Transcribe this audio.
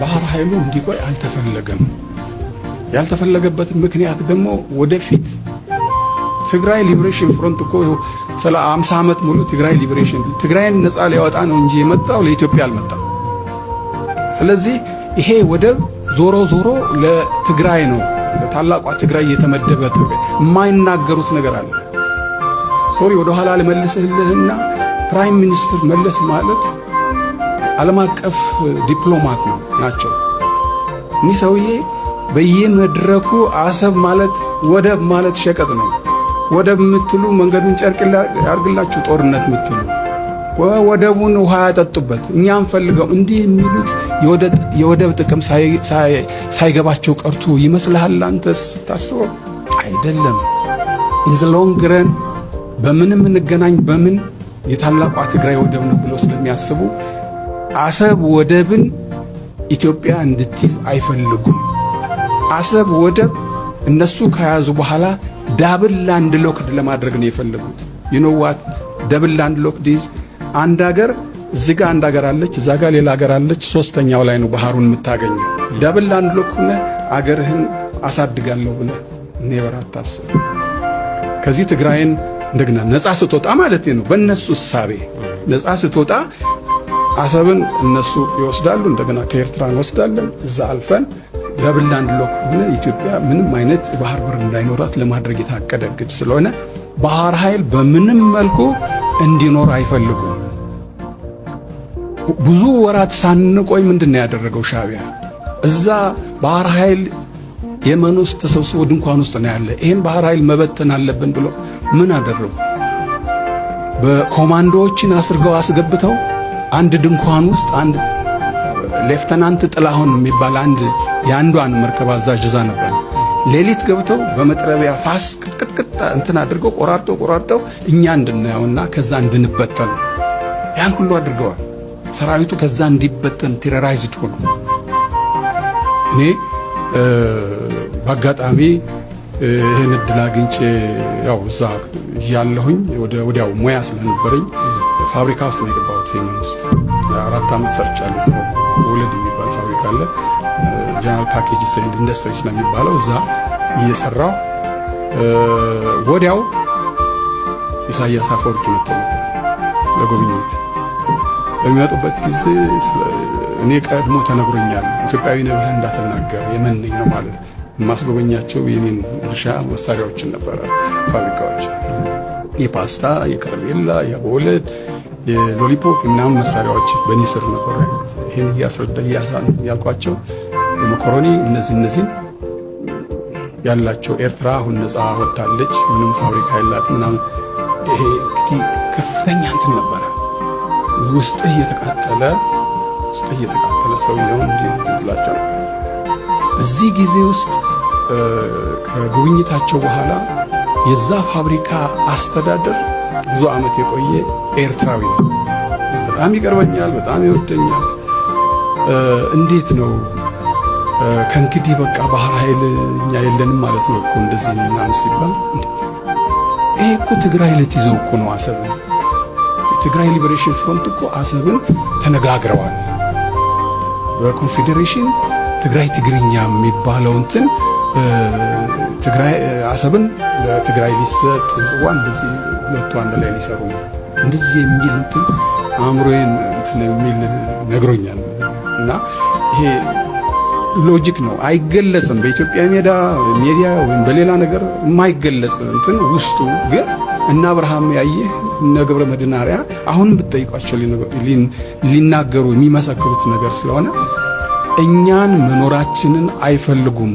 ባህር ኃይሉ እንዲቆይ አልተፈለገም። ያልተፈለገበት ምክንያት ደግሞ ወደፊት ትግራይ ሊብሬሽን ፍሮንት እኮ ስለ 50 ዓመት ሙሉ ትግራይ ሊብሬሽን ትግራይን ነፃ ሊያወጣ ነው እንጂ የመጣው ለኢትዮጵያ አልመጣም። ስለዚህ ይሄ ወደብ ዞሮ ዞሮ ለትግራይ ነው፣ ለታላቋ ትግራይ የተመደበ የማይናገሩት ነገር አለ። ሶሪ ወደኋላ ልመልስህልህና ፕራይም ሚኒስትር መለስ ማለት ዓለም አቀፍ ዲፕሎማት ነው ናቸው። እኒህ ሰውዬ በየመድረኩ አሰብ ማለት ወደብ ማለት ሸቀጥ ነው። ወደብ የምትሉ መንገዱን ጨርቅ ያርግላችሁ ጦርነት የምትሉ ወደቡን ውሃ ያጠጡበት እኛም ፈልገው እንዲህ የሚሉት የወደብ ጥቅም ሳይገባቸው ቀርቶ ይመስልሃል አንተ ስታስበው? አይደለም። ኢንዘሎንግረን በምንም እንገናኝ በምን የታላቋ ትግራይ ወደብ ነው ብለው ስለሚያስቡ አሰብ ወደብን ኢትዮጵያ እንድትይዝ አይፈልጉም። አሰብ ወደብ እነሱ ከያዙ በኋላ ዳብል ላንድ ሎክድ ለማድረግ ነው የፈለጉት። ዩኖዋት ደብል ላንድ ሎክድ ይዝ አንድ አገር እዚህ ጋ አንድ አገር አለች፣ እዛ ጋ ሌላ አገር አለች። ሶስተኛው ላይ ነው ባህሩን የምታገኘው። ደብል ላንድ ሎክ ሆነ አገርህን አሳድጋለሁ ብለ ኔቨር አታስብ። ከዚህ ትግራይን እንደገና ነፃ ስትወጣ ማለት ነው በእነሱ እሳቤ ነፃ ስትወጣ አሰብን እነሱ ይወስዳሉ። እንደገና ከኤርትራ እንወስዳለን። እዛ አልፈን ለብላንድ ሎክ ሆነ ኢትዮጵያ ምንም አይነት የባህር በር እንዳይኖራት ለማድረግ የታቀደ ስለሆነ ባህር ኃይል በምንም መልኩ እንዲኖር አይፈልጉም። ብዙ ወራት ሳንቆይ ምንድን ነው ያደረገው ሻቢያ እዛ ባህር ኃይል የመን ውስጥ ተሰብስቦ ድንኳን ውስጥ ነው ያለ። ይህን ባህር ኃይል መበተን አለብን ብሎ ምን አደረጉ? በኮማንዶዎችን አስርገው አስገብተው አንድ ድንኳን ውስጥ አንድ ሌፍተናንት ጥላሁን የሚባል አንድ የአንዷን መርከብ አዛዥ እዛ ነበር። ሌሊት ገብተው በመጥረቢያ ፋስ ቅጥቅጥቅጥ እንትን አድርገው ቆራርጠው ቆራርጠው እኛ እንድናየውና ከዛ እንድንበተን ያን ሁሉ አድርገዋል። ሰራዊቱ ከዛ እንዲበተን ቴረራይዝድ ሆኑ። እኔ በአጋጣሚ ይህን እድል አግኝቼ ያው እዛ እያለሁኝ ወዲያው ሙያ ስለነበረኝ ፋብሪካ ውስጥ ነው የገባሁት። ውስጥ አራት ዓመት ሰርቻለሁ። ወለድ የሚባል ፋብሪካ አለ፣ ጀነራል ፓኬጅ ኤንድ ኢንዱስትሪስ ነው የሚባለው። እዛ እየሰራው ወዲያው ኢሳያስ አፈወርቂ መጥቶ ነበር ለጉብኝት በሚመጡበት ጊዜ እኔ ቀድሞ ተነግሮኛል። ኢትዮጵያዊ ነህ ብለህ እንዳትናገር የመን ነኝ ነው ማለት የማስጎበኛቸው የኔን እርሻ መሳሪያዎችን ነበረ ፋብሪካዎች የፓስታ የከረሜላ የቦለድ የሎሊፖፕ ምናምን መሳሪያዎች በእኔ ስር ነበሩ ያሉት። ይህን እያስረዳ ያልኳቸው የመኮረኒ እነዚህ እነዚህ ያላቸው ኤርትራ አሁን ነፃ ወጥታለች፣ ምንም ፋብሪካ የላት ምናምን። ይሄ እንግዲህ ከፍተኛ እንትን ነበረ። ውስጥ እየተቃጠለ ውስጥ እየተቃጠለ ሰው ሊሆን ትላቸው እዚህ ጊዜ ውስጥ ከጉብኝታቸው በኋላ የዛ ፋብሪካ አስተዳደር ብዙ ዓመት የቆየ ኤርትራዊ ነው። በጣም ይቀርበኛል፣ በጣም ይወደኛል። እንዴት ነው ከእንግዲህ በቃ ባህር ኃይል እኛ የለንም ማለት ነው እኮ እንደዚህ ምናምን ሲባል ይህ እኮ ትግራይ ልትይዘው እኮ ነው አሰብን። የትግራይ ሊበሬሽን ፍሮንት እኮ አሰብን ተነጋግረዋል። በኮንፌዴሬሽን ትግራይ ትግርኛ የሚባለው እንትን ትግራይ አሰብን ለትግራይ ሊሰጥ ምጽዋ እንደዚህ ሁለቱ አንድ ላይ ሊሰሩ እንደዚህ የሚል እንትን አእምሮዬን እንትን የሚል ነግሮኛል። እና ይሄ ሎጂክ ነው፣ አይገለጽም። በኢትዮጵያ ሜዳ ሚዲያ ወይም በሌላ ነገር የማይገለጽ እንትን ውስጡ ግን እና አብርሃም ያየህ እነ ገብረ መድናሪያ አሁን ብጠይቋቸው ሊናገሩ የሚመሰክሩት ነገር ስለሆነ እኛን መኖራችንን አይፈልጉም።